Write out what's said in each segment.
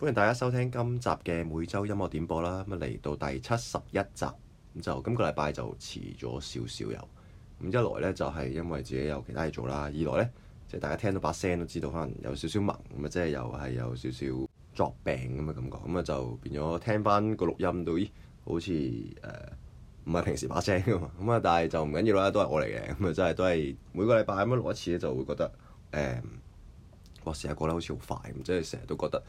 歡迎大家收聽今集嘅每周音樂點播啦。咁啊，嚟到第七十一集，咁就今個禮拜就遲咗少少，有咁一來咧就係、是、因為自己有其他嘢做啦。二來咧即係大家聽到把聲都知道，可能有少少矇，咁啊，即係又係有少少作病咁嘅感覺咁啊，就變咗聽翻個錄音到，咦，好似誒唔係平時把聲噶嘛咁啊，但係就唔緊要啦，都係我嚟嘅咁啊，真係都係每個禮拜咁樣錄一次咧，就會覺得誒，我、呃，成日過得好似好快咁，即係成日都覺得。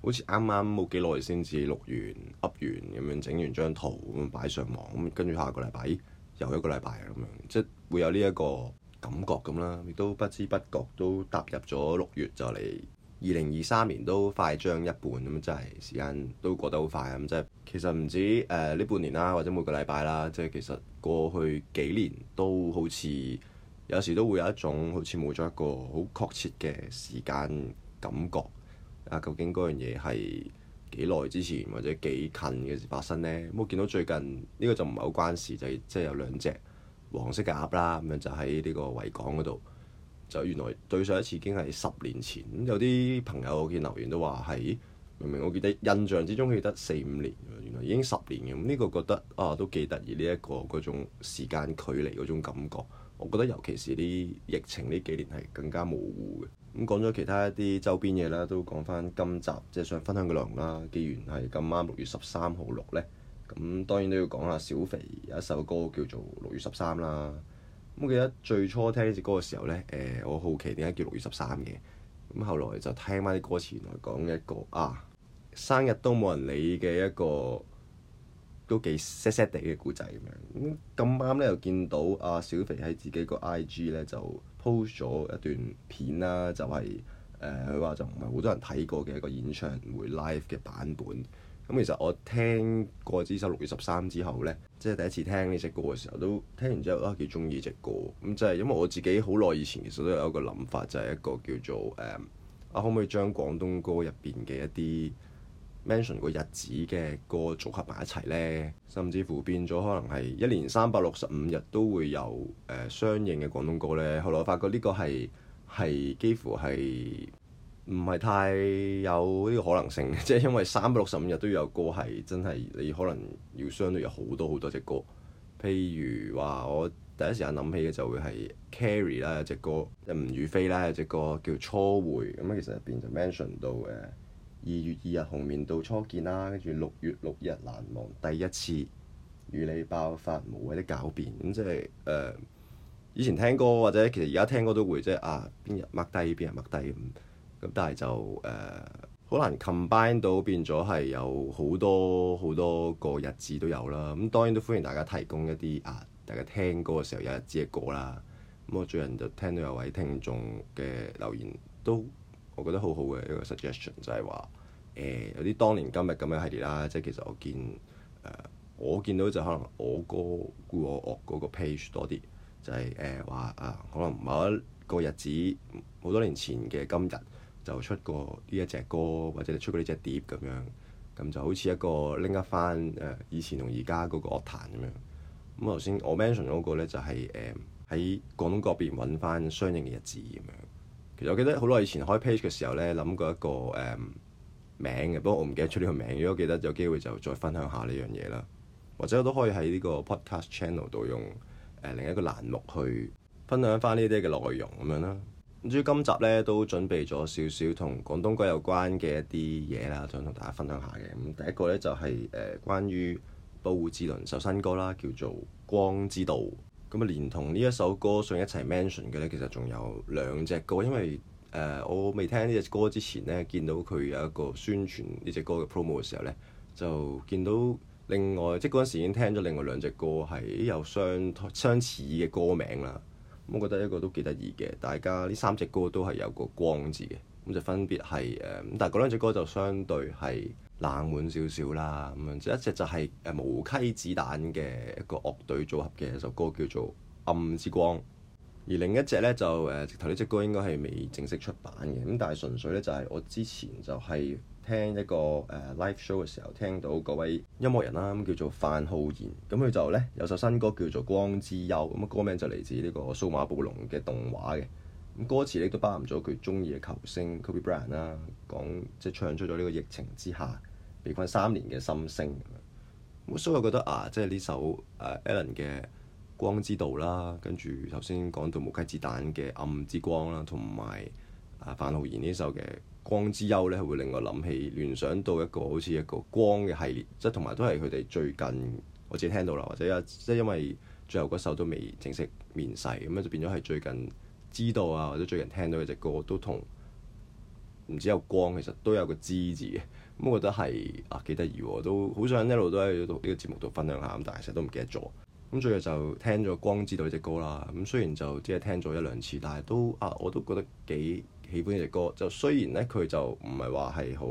好似啱啱冇幾耐先至錄完噏完咁樣，整完張圖咁擺上網咁跟住下個禮拜，又一個禮拜咁樣，即係會有呢一個感覺咁啦，亦都不知不覺都踏入咗六月，就嚟二零二三年都快將一半咁，真係時間都過得好快，咁即係其實唔止誒呢、呃、半年啦，或者每個禮拜啦，即係其實過去幾年都好似有時都會有一種好似冇咗一個好確切嘅時間感覺。啊，究竟嗰樣嘢係幾耐之前或者幾近嘅時發生呢？我見到最近呢、這個就唔係好關事，就係即係有兩隻黃色嘅鴨啦，咁樣就喺呢個維港嗰度，就原來對上一次已經係十年前。有啲朋友我見留言都話係，明明我記得印象之中記得四五年，原來已經十年咁。呢、這個覺得啊都幾得意呢一個嗰種時間距離嗰種感覺。我覺得尤其是啲疫情呢幾年係更加模糊嘅。咁講咗其他一啲周邊嘢啦，都講翻今集即係想分享嘅內容啦。既然係咁啱六月十三號六呢，咁當然都要講下小肥有一首歌叫做《六月十三》啦。咁記得最初聽呢隻歌嘅時候呢，誒、呃、我好奇點解叫六月十三嘅？咁後來就聽翻啲歌詞，原來講一個啊生日都冇人理嘅一個都幾 sad sad 嘅故仔咁樣。咁啱呢，又見到阿小肥喺自己個 IG 呢就～post 咗一段片啦，就係誒佢話就唔係好多人睇過嘅一個演唱會 live 嘅版本。咁、嗯、其實我聽過之後，六月十三之後呢，即、就、係、是、第一次聽呢隻歌嘅時候，都聽完之後啊，幾鍾意隻歌。咁即係因為我自己好耐以前其實都有一個諗法，就係、是、一個叫做誒、嗯、啊，可唔可以將廣東歌入邊嘅一啲 mention 個日子嘅歌組合埋一齊呢，甚至乎變咗可能係一年三百六十五日都會有誒、呃、相應嘅廣東歌呢。後來我發覺呢個係係幾乎係唔係太有呢個可能性嘅，即係因為三百六十五日都要有歌，係真係你可能要相對有好多好多隻歌。譬如話我第一時間諗起嘅就會係 Carrie 啦有隻歌，即係吳雨霏啦有隻歌叫《初回》。咁其實入邊就 mention 到誒。二月二日紅棉到初見啦，跟住六月六日難忘第一次與你爆發無謂的狡辯，咁即係誒以前聽歌或者其實而家聽歌都會即係、就是、啊邊日擘低邊日擘低咁，咁、嗯、但係就誒好、呃、難 combine 到變咗係有好多好多個日子都有啦。咁當然都歡迎大家提供一啲啊，大家聽歌嘅時候有一日子嘅歌啦。咁我最近就聽到有位聽眾嘅留言都。我覺得好好嘅一個 suggestion 就係話，誒、呃、有啲當年今日咁嘅系列啦，即係其實我見誒、呃，我見到就可能我歌故我樂嗰個 page 多啲，就係誒話啊，可能某一個日子好多年前嘅今日就出過呢一隻歌，或者你出過呢隻碟咁樣，咁就好似一個拎一翻誒以前同而家嗰個樂壇咁樣。咁頭先我 mention 咗個咧就係誒喺廣東嗰邊揾翻相應嘅日子咁樣。其實我記得好耐以前開 page 嘅時候咧，諗過一個誒、嗯、名嘅，不過我唔記得出呢個名。如果記得有機會就再分享下呢樣嘢啦，或者我都可以喺呢個 podcast channel 度用誒、呃、另一個欄目去分享翻呢啲嘅內容咁樣啦。咁至於今集咧都準備咗少少同廣東歌有關嘅一啲嘢啦，想同大家分享下嘅。咁第一個咧就係、是、誒、呃、關於布志綸首新歌啦，叫做《光之道》。咁啊，連同呢一首歌上一齊 mention 嘅咧，其實仲有兩隻歌，因為誒、呃、我未聽呢隻歌之前咧，見到佢有一個宣傳呢隻歌嘅 promo 嘅時候咧，就見到另外即嗰陣時已經聽咗另外兩隻歌係有相相似嘅歌名啦。咁、嗯、我覺得一個都幾得意嘅，大家呢三隻歌都係有個光字嘅，咁就分別係誒、嗯，但係嗰兩隻歌就相對係。冷門少少啦，咁樣一隻就係誒無稽子彈嘅一個樂隊組合嘅一首歌叫做《暗之光》，而另一隻呢，就直頭呢隻歌應該係未正式出版嘅，咁但係純粹呢，就係我之前就係聽一個誒 live show 嘅時候聽到嗰位音樂人啦，咁叫做范浩然，咁佢就呢，有首新歌叫做《光之丘》，咁歌名就嚟自呢個數碼暴龍嘅動畫嘅。歌詞咧都包含咗佢中意嘅球星 Kobe Bryant 啦，講即係唱出咗呢個疫情之下被困三年嘅心聲。咁所以我覺得啊，即係呢首誒、啊、Alan 嘅光之道啦，跟住頭先講到無雞子彈嘅暗之光啦，同埋啊范浩然呢首嘅光之優咧，係會令我諗起聯想到一個好似一個光嘅系列，即係同埋都係佢哋最近我自己聽到啦，或者即係因為最後嗰首都未正式面世，咁咧就變咗係最近，知道啊，或者最近聽到嗰隻歌都同唔知有光，其實都有個知字嘅，咁我覺得係啊幾得意喎，都好想一路都喺度呢個節目度分享下，咁但係成日都唔記得咗。咁最後就聽咗《光知道》呢隻歌啦，咁雖然就只係聽咗一兩次，但係都啊我都覺得幾喜歡呢隻歌。就雖然咧佢就唔係話係好，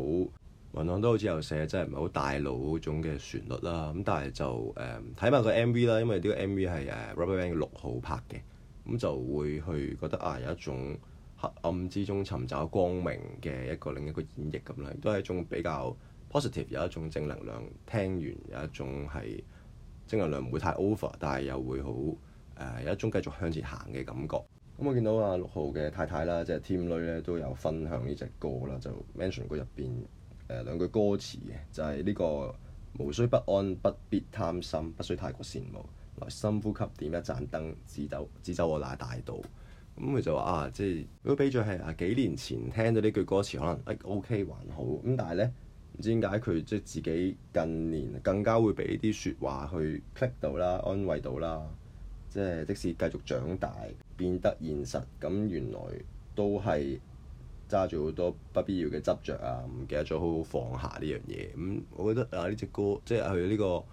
聞朗都好似有寫真係唔係好大路嗰種嘅旋律啦。咁但係就誒睇埋個 MV 啦，因為呢個 MV 係誒 Rubberband 六號拍嘅。咁就會去覺得啊，有一種黑暗之中尋找光明嘅一個另一個演繹咁啦，都係一種比較 positive，有一種正能量。聽完有一種係正能量唔會太 over，但係又會好誒、呃、有一種繼續向前行嘅感覺。咁、嗯、我見到啊六號嘅太太啦，即係 Team 女咧都有分享呢隻歌啦，就 mention 過入邊誒兩句歌詞嘅，就係、是、呢、這個無需不安，不必貪心，不需太過羨慕。深呼吸點一盞燈，指走指走我乃大道。咁、嗯、佢就話啊，即係如果畀咗係啊，幾年前聽到呢句歌詞，可能誒、啊、OK 還好。咁、嗯、但係咧，唔知點解佢即係自己近年更加會俾啲説話去 click 到啦、安慰到啦。即係即使繼續長大變得現實，咁、嗯、原來都係揸住好多不必要嘅執着啊！唔記得咗好好放下呢樣嘢。咁、嗯、我覺得啊，呢隻歌即係啊佢呢個。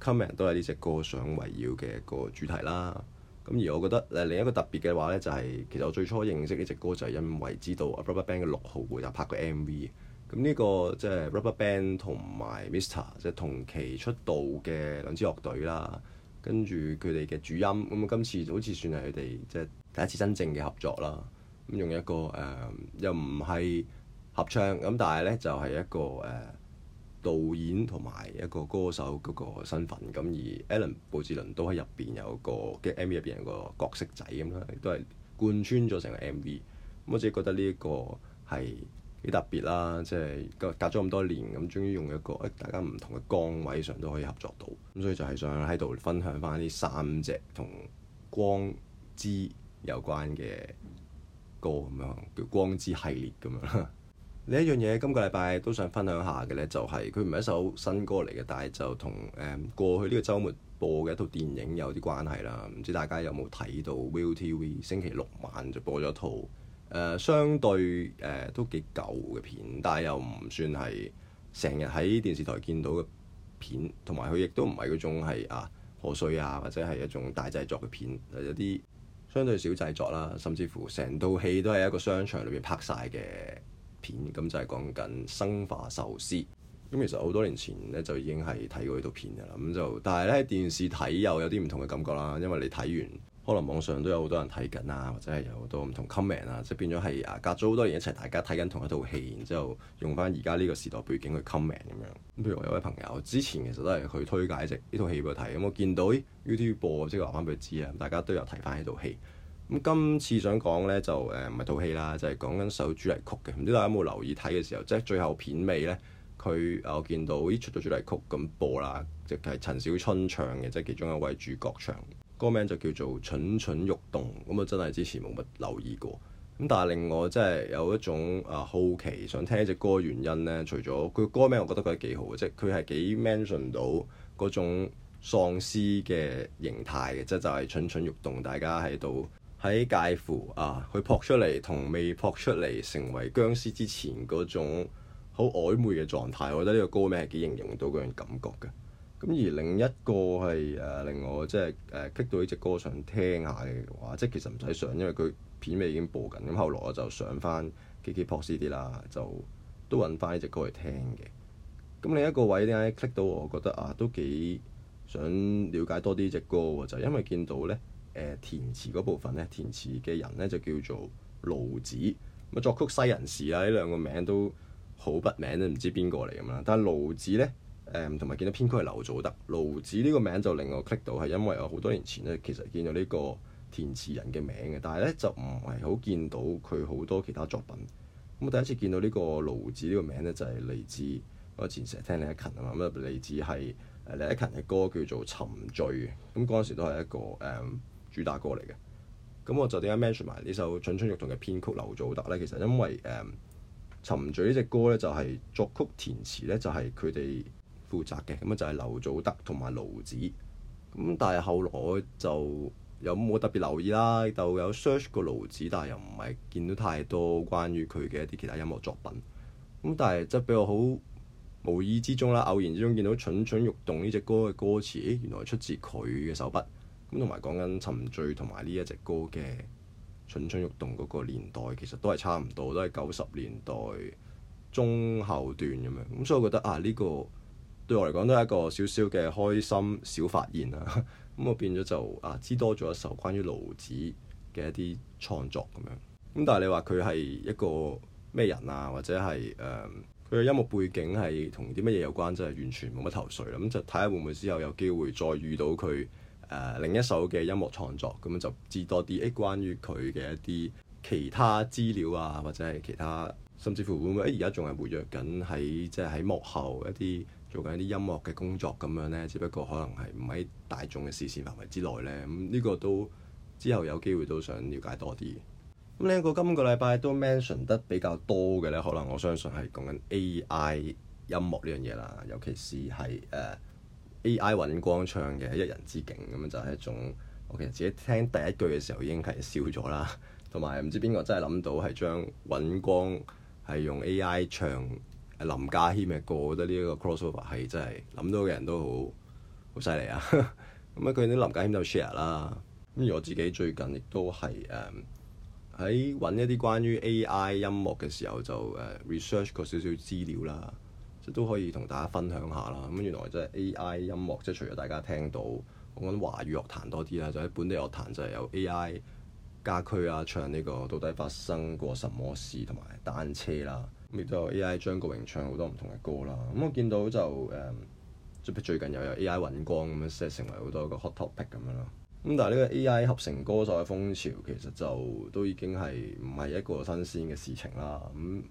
Comment 都係呢隻歌想圍繞嘅一個主題啦。咁而我覺得誒另一個特別嘅話咧，就係、是、其實我最初認識呢隻歌就係因為知道 Rubberband 嘅六號會有拍過個 MV。咁呢個即係 Rubberband 同埋 Mister 即係同期出道嘅兩支樂隊啦，跟住佢哋嘅主音，咁今次好似算係佢哋即係第一次真正嘅合作啦。咁用一個誒、呃、又唔係合唱，咁但係咧就係、是、一個誒。呃導演同埋一個歌手嗰個身份，咁而 Alan 布志綸都喺入邊有個，跟 MV 入邊有個角色仔咁啦，都係貫穿咗成個 MV。咁我自己覺得呢一個係幾特別啦，即係隔隔咗咁多年，咁終於用一個大家唔同嘅崗位上都可以合作到，咁所以就係想喺度分享翻呢三隻同光之有關嘅歌咁樣，叫光之系列咁樣。 另一樣嘢，今個禮拜都想分享下嘅呢、就是，就係佢唔係一首新歌嚟嘅，但係就同誒過去呢個周末播嘅一套電影有啲關係啦。唔知大家有冇睇到 ViuTV 星期六晚就播咗套、呃、相對、呃、都幾舊嘅片，但係又唔算係成日喺電視台見到嘅片，同埋佢亦都唔係嗰種係啊賀歲啊，或者係一種大製作嘅片，有、就、啲、是、相對少製作啦，甚至乎成套戲都係一個商場裏面拍晒嘅。片咁就係講緊生化壽司咁其實好多年前咧就已經係睇過呢套片嘅啦。咁就但係咧喺電視睇又有啲唔同嘅感覺啦，因為你睇完可能網上都有好多人睇緊啊，或者係有好多唔同 comment 啊，即係變咗係啊隔咗好多年一齊大家睇緊同一套戲，然之後用翻而家呢個時代背景去 comment 咁樣。咁譬如我有位朋友之前其實都係去推介直呢套戲去睇，咁我見到咦，欸、YouTube 播，即係話翻俾佢知啊，大家都有睇翻呢套戲。咁今次想講呢，就誒唔係套戲啦，就係講緊首主題曲嘅。唔知大家有冇留意睇嘅時候，即係最後片尾呢，佢我見到咦，出咗主題曲咁播啦，即係陳小春唱嘅，即係其中一位主角唱。歌名就叫做《蠢蠢欲動》。咁啊真係之前冇乜留意過。咁但係令我真係有一種啊好奇想聽隻歌原因呢，除咗佢歌名，我覺得佢幾好嘅，即係佢係幾 mention 到嗰種喪屍嘅形態嘅，即係就係蠢蠢欲動，大家喺度。喺介乎啊，佢撲出嚟同未撲出嚟，成為僵屍之前嗰種好曖昧嘅狀態，我覺得呢個歌名係幾形容到嗰樣感覺嘅。咁而另一個係誒、啊、令我即係誒 click 到呢隻歌想聽下嘅話，即係其實唔使上，因為佢片尾已經播緊。咁後來我就上翻 KKBOX 啲啦，就都揾翻呢隻歌嚟聽嘅。咁另一個位點解 click 到我覺得啊，都幾想了解多啲呢隻歌，就因為見到咧。填詞嗰部分咧，填詞嘅人咧就叫做勞子，咁作曲西人士啊，呢兩個名都好不名都唔知邊個嚟咁啦。但係勞子咧，誒同埋見到編曲係劉祖德。勞子呢個名就令我 click 到係因為我好多年前咧，其實見到呢個填詞人嘅名嘅，但係咧就唔係好見到佢好多其他作品。咁我第一次見到呢個勞子呢個名咧，就係、是、嚟自我以前成日聽李克勤啊嘛，咁啊嚟自係誒李克勤嘅歌叫做《沉醉》。咁嗰陣時都係一個誒。嗯主打歌嚟嘅，咁我就點解 mention 埋呢首《蠢蠢欲動》嘅編曲劉祖德呢，其實因為誒、嗯《沉醉》呢隻歌呢，就係、是、作曲填詞呢，就係佢哋負責嘅，咁啊就係劉祖德同埋勞子。咁但係後來我就有冇特別留意啦，就有 search 個勞子，但係又唔係見到太多關於佢嘅一啲其他音樂作品。咁但係即係比較好無意之中啦，偶然之中見到《蠢蠢欲動》呢隻歌嘅歌詞，原來出自佢嘅手筆。咁同埋講緊沉醉，同埋呢一隻歌嘅蠢蠢欲動嗰、那個年代，其實都係差唔多，都係九十年代中後段咁樣。咁所以我覺得啊，呢、這個對我嚟講都係一個少少嘅開心小發現啦。咁、啊、我變咗就啊，知多咗一首關於勞子嘅一啲創作咁樣。咁、啊、但係你話佢係一個咩人啊，或者係誒佢嘅音樂背景係同啲乜嘢有關，真、就、係、是、完全冇乜頭緒啦。咁就睇下會唔會之後有機會再遇到佢。誒另一首嘅音樂創作，咁就知多啲誒關於佢嘅一啲其他資料啊，或者係其他，甚至乎會唔會誒而家仲係活躍緊喺即係喺幕後一啲做緊一啲音樂嘅工作咁樣呢？只不過可能係唔喺大眾嘅視線範圍之內呢。咁呢個都之後有機會都想了解多啲。咁呢個今個禮拜都 mention 得比較多嘅呢，可能我相信係講緊 A.I. 音樂呢樣嘢啦，尤其是係誒。Uh, AI 尹光唱嘅一人之境咁就係一種，我其實自己聽第一句嘅時候已經係笑咗啦，同埋唔知邊個真係諗到係將尹光係用 AI 唱林家謙嘅歌，我覺得呢一個 crossover 係真係諗到嘅人都好好犀利啊！咁啊，佢啲林家謙就 share 啦，咁而我自己最近亦都係誒喺揾一啲關於 AI 音樂嘅時候就誒、嗯、research 過少少資料啦。都可以同大家分享下啦。咁原來即係 A.I. 音樂，即、就、係、是、除咗大家聽到我講緊華語樂壇多啲啦，就喺、是、本地樂壇就係有 A.I. 家區駒啊，唱呢、這個到底發生過什麼事，同埋單車啦。咁亦都有 A.I. 張國榮唱好多唔同嘅歌啦。咁、嗯、我見到就誒，即、嗯、最近又有 A.I. 尹光咁樣，即、嗯、係成為好多個 hot topic 咁樣咯。咁、嗯、但係呢個 A.I. 合成歌手嘅風潮，其實就都已經係唔係一個新鮮嘅事情啦。咁、嗯、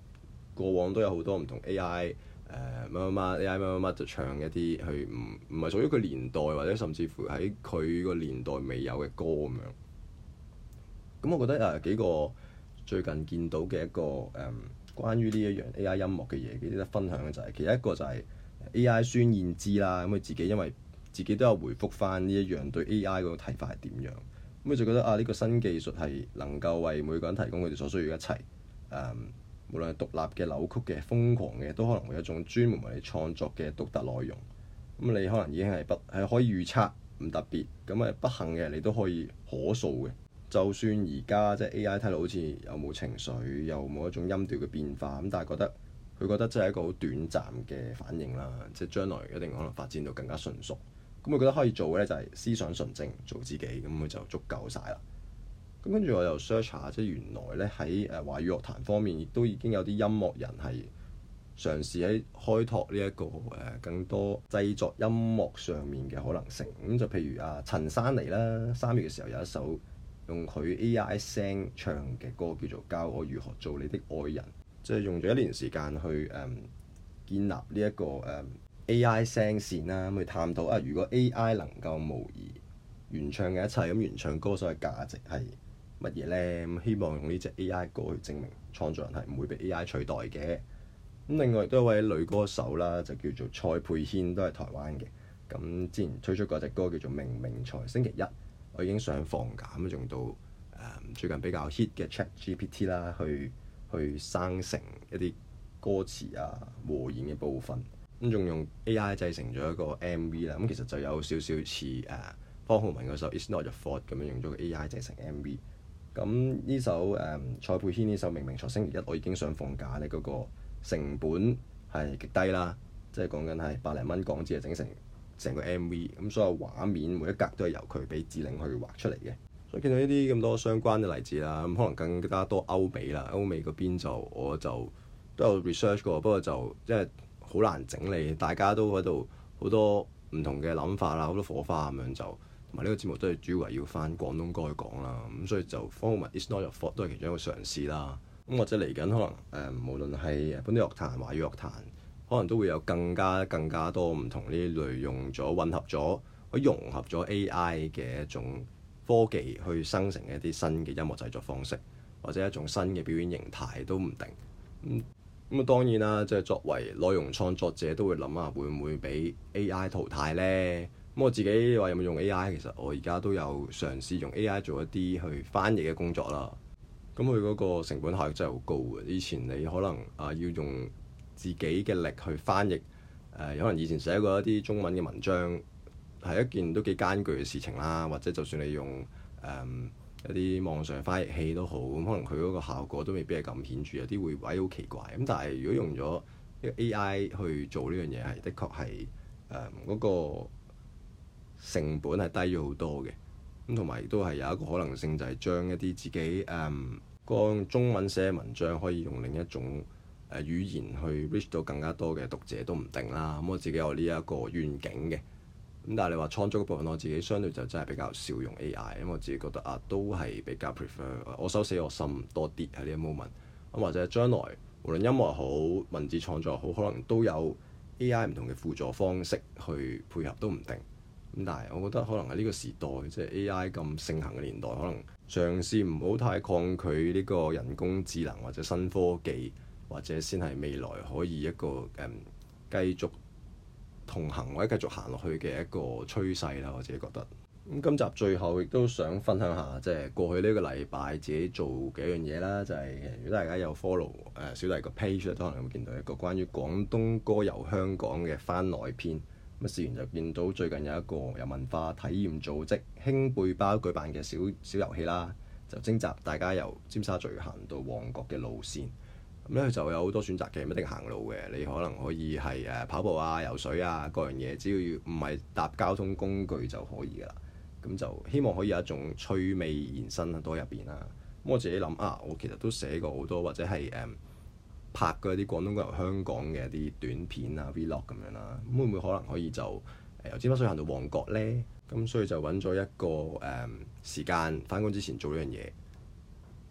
過往都有好多唔同 A.I. 誒乜乜 A.I. 乜乜乜就唱一啲佢唔唔係屬於佢年代或者甚至乎喺佢個年代未有嘅歌咁樣。咁、嗯、我覺得啊幾個最近見到嘅一個誒、嗯、關於呢一樣 A.I. 音樂嘅嘢記得分享嘅就係、是，其實一個就係 A.I. 孫燕姿啦。咁、嗯、佢自己因為自己都有回覆翻呢一樣對 A.I. 嗰個睇法係點樣。咁、嗯、佢就覺得啊呢、這個新技術係能夠為每個人提供佢哋所需要嘅一切誒。嗯無論係獨立嘅扭曲嘅、瘋狂嘅，都可能會有一種專門為你創作嘅獨特內容。咁你可能已經係不係可以預測，唔特別咁啊，不幸嘅你都可以可數嘅。就算而家即係 AI 睇到好似有冇情緒，又冇一種音調嘅變化，咁但係覺得佢覺得真係一個好短暫嘅反應啦。即係將來一定可能發展到更加純熟。咁佢覺得可以做嘅咧就係思想純正，做自己，咁佢就足夠晒啦。跟住，我又 search 下，即係原來咧喺誒華語樂壇方面亦都已經有啲音樂人係嘗試喺開拓呢一個誒更多製作音樂上面嘅可能性。咁就譬如啊，陳珊妮啦，三月嘅時候有一首用佢 A.I. 聲唱嘅歌，叫做《教我如何做你的愛人》，即係用咗一年時間去誒建立呢一個誒 A.I. 聲線啦。咁去探討啊，如果 A.I. 能夠模擬原唱嘅一切，咁原唱歌手嘅價值係？乜嘢咧？咁希望用呢隻 A.I. 歌去證明創作人係唔會被 A.I. 取代嘅。咁另外都有一位女歌手啦，就叫做蔡佩軒，都係台灣嘅。咁之前推出嗰隻歌叫做《明明才》，星期一我已經上防減，用到誒、嗯、最近比較 hit 嘅 Chat GPT 啦，去去生成一啲歌詞啊和弦嘅部分。咁、嗯、仲用 A.I. 製成咗一個 M.V. 啦。咁、嗯、其實就有少少似誒、啊、方皓玟嗰首《It's Not Your Fault》咁樣用咗個 A.I. 製成 M.V. 咁呢首誒，蔡佩軒呢首明明才，星期一，我已經想放假咧。嗰、那個成本係極低啦，即係講緊係百零蚊港紙就成整成成個 MV。咁所有畫面每一格都係由佢俾指令去畫出嚟嘅。所以見到呢啲咁多相關嘅例子啦，咁可能更加多歐美啦。歐美嗰邊就我就都有 research 過，不過就即係好難整理。大家都喺度好多唔同嘅諗法啦，好多火花咁樣就。同埋呢個節目都係主要圍繞翻廣東歌去講啦，咁所以就 formal is not a fault 都係其中一個嘗試啦。咁、嗯、或者嚟緊可能誒、呃，無論係本地樂壇、華語樂壇，可能都會有更加更加多唔同呢類用咗混合咗，融合咗 AI 嘅一種科技去生成一啲新嘅音樂製作方式，或者一種新嘅表演形態都唔定。咁咁啊，當然啦，即、就、係、是、作為內容創作者都會諗下會唔會俾 AI 淘汰咧？咁我自己話有冇用 A.I. 其實我而家都有嘗試用 A.I. 做一啲去翻譯嘅工作啦。咁佢嗰個成本效益真係好高嘅。以前你可能啊要用自己嘅力去翻譯，誒、呃，可能以前寫過一啲中文嘅文章係一件都幾艱鉅嘅事情啦。或者就算你用誒、嗯、一啲網上翻譯器都好，咁可能佢嗰個效果都未必係咁顯著，有啲會位好奇怪。咁但係如果用咗一個 A.I. 去做呢樣嘢，係的確係誒嗰個。成本係低咗好多嘅，咁同埋都係有一個可能性，就係將一啲自己誒、um, 個中文寫文章可以用另一種誒語言去 reach 到更加多嘅讀者都唔定啦。咁我自己有呢一個願景嘅，咁但係你話創作部分我自己相對就真係比較少用 AI，因為我自己覺得啊都係比較 prefer 我手寫我心多啲喺呢一 moment 咁或者將來無論音樂好文字創作好，可能都有 AI 唔同嘅輔助方式去配合都唔定。咁但係，我覺得可能喺呢個時代，即、就、係、是、AI 咁盛行嘅年代，可能嘗試唔好太抗拒呢個人工智能或者新科技，或者先係未來可以一個誒、嗯、繼續同行或者繼續行落去嘅一個趨勢啦。我自己覺得。咁、嗯、今集最後亦都想分享下，即、就、係、是、過去呢個禮拜自己做幾樣嘢啦。就係、是、如果大家有 follow 誒、呃、小弟個 page，都可能你會見到一個關於廣東歌遊香港嘅番外篇。咁試完就見到最近有一個由文化體驗組織輕背包舉辦嘅小小遊戲啦，就徵集大家由尖沙咀行到旺角嘅路線。咁咧就有好多選擇嘅，唔一定行路嘅，你可能可以係誒、啊、跑步啊、游水啊各樣嘢，只要唔係搭交通工具就可以㗎喇。咁就希望可以有一種趣味延伸喺度入邊啦。咁我自己諗啊，我其實都寫過好多或者係誒。Um, 拍嗰啲廣東歌遊香港嘅一啲短片、mm hmm. 啊、Vlog 咁樣啦，會唔會可能可以就誒由尖沙咀行到旺角咧？咁所以就揾咗一個誒、呃、時間，翻工之前做呢樣嘢。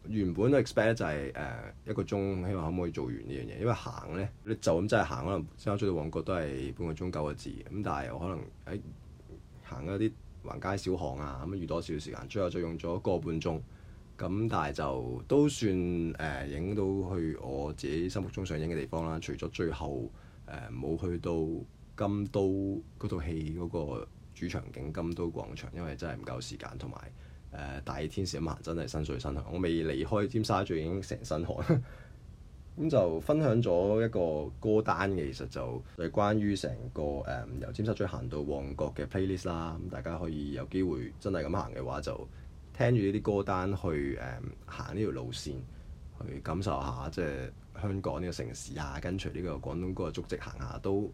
原本 expect 就係、是、誒、呃、一個鐘，希望可唔可以做完呢樣嘢？因為行咧，你就咁真係行，可能尖沙咀出到旺角都係半個鐘九個字嘅。咁但係又可能喺行嗰啲橫街小巷啊，咁預多少時間？最後就用咗個半鐘。咁但係就都算誒影、呃、到去我自己心目中想影嘅地方啦。除咗最後誒冇、呃、去到金都嗰套戲，嗰個主場景金都廣場，因為真係唔夠時間同埋誒大熱天時咁行真係身水身汗。我未離開尖沙咀已經成身汗。咁 就分享咗一個歌單嘅，其實就係關於成個誒、呃、由尖沙咀行到旺角嘅 playlist 啦。咁大家可以有機會真係咁行嘅話就～聽住呢啲歌單去誒行呢條路線，去感受下即係香港呢個城市啊，跟隨呢個廣東歌嘅足跡行下都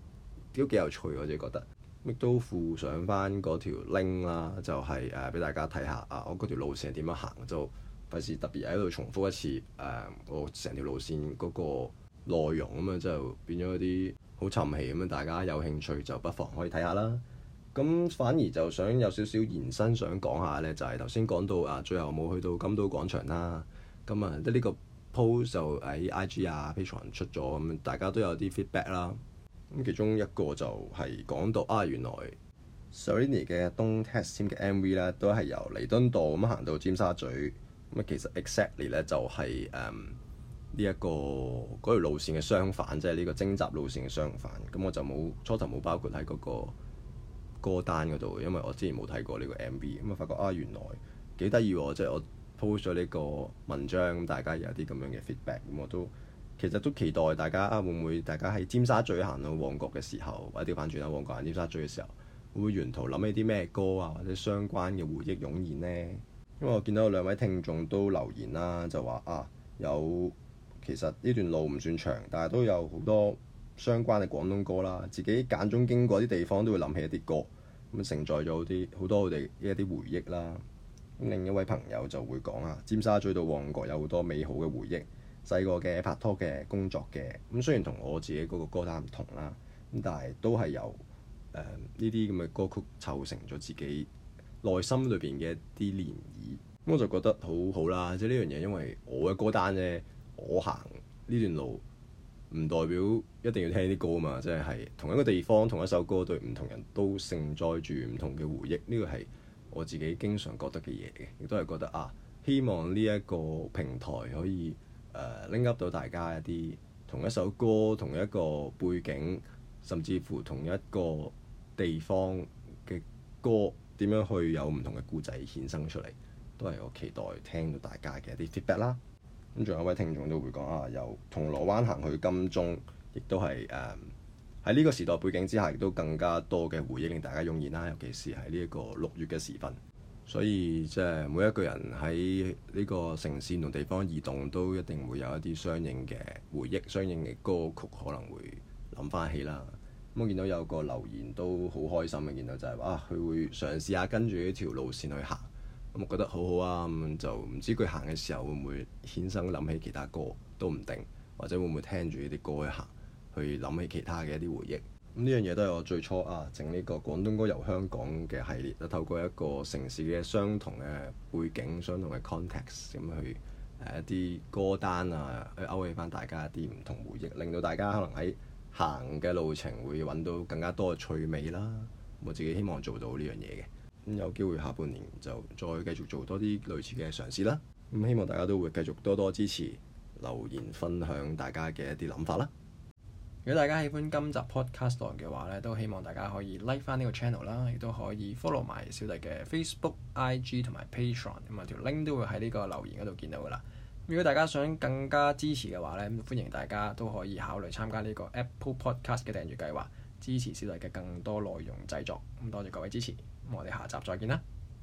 都幾有趣，我自己覺得亦都附上翻嗰條 link 啦、就係，就係誒俾大家睇下啊，我嗰條路線係點樣行，就費事特別喺度重複一次誒、啊，我成條路線嗰個內容啊嘛、嗯，就變咗啲好沉氣咁啊。大家有興趣就不妨可以睇下啦～咁反而就想有少少延伸，想講下呢就係頭先講到,到啊，最後冇去到金都廣場啦。咁啊，即呢個 po 就喺 IG 啊 Patreon 出咗咁，大家都有啲 feedback 啦。咁其中一個就係講到啊，原來 Serrini 嘅 Don't Text Him 嘅 MV 呢，都係由彌敦道咁行到尖沙咀咁其實 exactly 呢就係呢一個嗰條路線嘅相反，即係呢個徵集路線嘅相反。咁我就冇初頭冇包括喺嗰、嗰個。歌單嗰度，因為我之前冇睇過呢個 MV，咁啊發覺啊原來幾得意喎，即係我 post 咗呢個文章，大家有啲咁樣嘅 feedback，咁我都其實都期待大家、啊、會唔會大家喺尖沙咀行到旺角嘅時候，或者調翻轉啦，旺角行尖沙咀嘅時候，會唔會沿途諗起啲咩歌啊或者相關嘅回憶湧現呢？因為我見到有兩位聽眾都留言啦，就話啊有其實呢段路唔算長，但係都有好多。相關嘅廣東歌啦，自己間中經過啲地方都會諗起一啲歌，咁承載咗啲好多我哋一啲回憶啦。另一位朋友就會講啊，尖沙咀到旺角有好多美好嘅回憶，細個嘅、拍拖嘅、工作嘅，咁雖然同我自己嗰個歌單唔同啦，咁但係都係由誒呢啲咁嘅歌曲湊成咗自己內心裏邊嘅一啲漣漪。咁 我就覺得好好啦，即係呢樣嘢，因為我嘅歌單咧，我行呢段路。唔代表一定要聽啲歌嘛，即係同一個地方同一首歌對唔同人都盛載住唔同嘅回憶呢，這個係我自己經常覺得嘅嘢，亦都係覺得啊，希望呢一個平台可以誒 link up 到大家一啲同一首歌同一個背景，甚至乎同一個地方嘅歌點樣去有唔同嘅故仔衍生出嚟，都係我期待聽到大家嘅一啲 feedback 啦。咁仲有一位聽眾都會講啊，由銅鑼灣行去金鐘亦都係誒喺呢個時代背景之下，亦都更加多嘅回憶令大家中意啦。尤其是喺呢一個六月嘅時分，所以即係、就是、每一個人喺呢個城市同地方移動都一定會有一啲相應嘅回憶相應嘅歌曲可能會諗翻起啦。咁我見到有個留言都好開心嘅，見到就係、是、話啊，佢會嘗試下跟住呢條路線去行。咁我覺得好好啊，咁就唔知佢行嘅時候會唔會衍生諗起其他歌，都唔定，或者會唔會聽住呢啲歌去行，去諗起其他嘅一啲回憶。咁呢樣嘢都係我最初啊整呢個廣東歌遊香港嘅系列啊，透過一個城市嘅相同嘅背景、相同嘅 context，咁去誒一啲歌單啊，去勾起返大家一啲唔同回憶，令到大家可能喺行嘅路程會揾到更加多嘅趣味啦。我自己希望做到呢樣嘢嘅。嗯、有機會下半年就再繼續做多啲類似嘅嘗試啦。咁、嗯、希望大家都會繼續多多支持，留言分享大家嘅一啲諗法啦。如果大家喜歡今集 podcast 嘅話咧，都希望大家可以 like 翻呢個 channel 啦，亦都可以 follow 埋小弟嘅 Facebook、嗯、IG 同埋 Patreon。咁啊條 link 都會喺呢個留言嗰度見到噶啦。如果大家想更加支持嘅話咧，咁、嗯、歡迎大家都可以考慮參加呢個 Apple Podcast 嘅訂閱計劃，支持小弟嘅更多內容製作。咁、嗯、多謝各位支持。我哋下集再見啦！